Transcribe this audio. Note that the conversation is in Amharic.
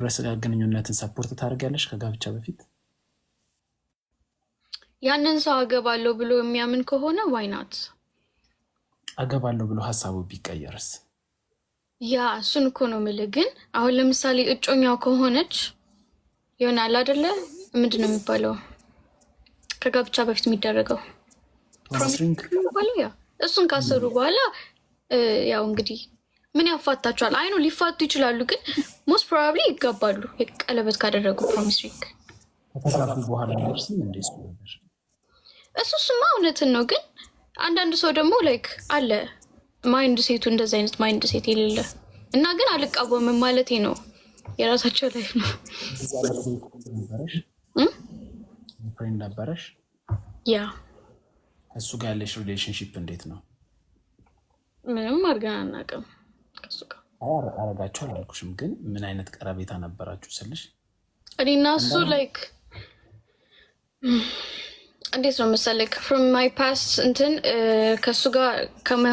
ግብረ ስጋ ግንኙነትን ሰፖርት ታደርጊያለሽ? ከጋብቻ በፊት ያንን ሰው አገባለሁ ብሎ የሚያምን ከሆነ ዋይናት አገባለሁ ብሎ ሀሳቡ ቢቀየርስ? ያ እሱን እኮ ነው የምልህ። ግን አሁን ለምሳሌ እጮኛው ከሆነች ይሆናል አይደለ? ምንድን ነው የሚባለው? ከጋብቻ በፊት የሚደረገው እሱን ካሰሩ hmm. በኋላ ያው እንግዲህ ምን ያፋታቸዋል? አይኑ ሊፋቱ ይችላሉ ግን ሞስት ፕሮባብሊ ይጋባሉ። ቀለበት ካደረጉ ፕሮሚስ ሪንግ ከተጋቡ በኋላ ነርስ እንዴት ነበር? እሱ ስማ እውነትን ነው። ግን አንዳንድ ሰው ደግሞ ላይክ አለ ማይንድ ሴቱ እንደዚ አይነት ማይንድ ሴት የሌለ እና ግን አልቃወምም ማለቴ ነው። የራሳቸው ላይፍ ነው። ፍሬንድ ነበረሽ? ያ እሱ ጋር ያለሽ ሪሌሽንሽፕ እንዴት ነው? ምንም አድርገን አናውቅም ከሱ ጋር አረጋቸው አላልኩሽም፣ ግን ምን አይነት ቀረቤታ ነበራችሁ ስልሽ እና እሱ ላይክ እንዴት ነው መሰለኝ ፍሮም ማይ ፓስት እንትን ከእሱ ጋር ከማይሆን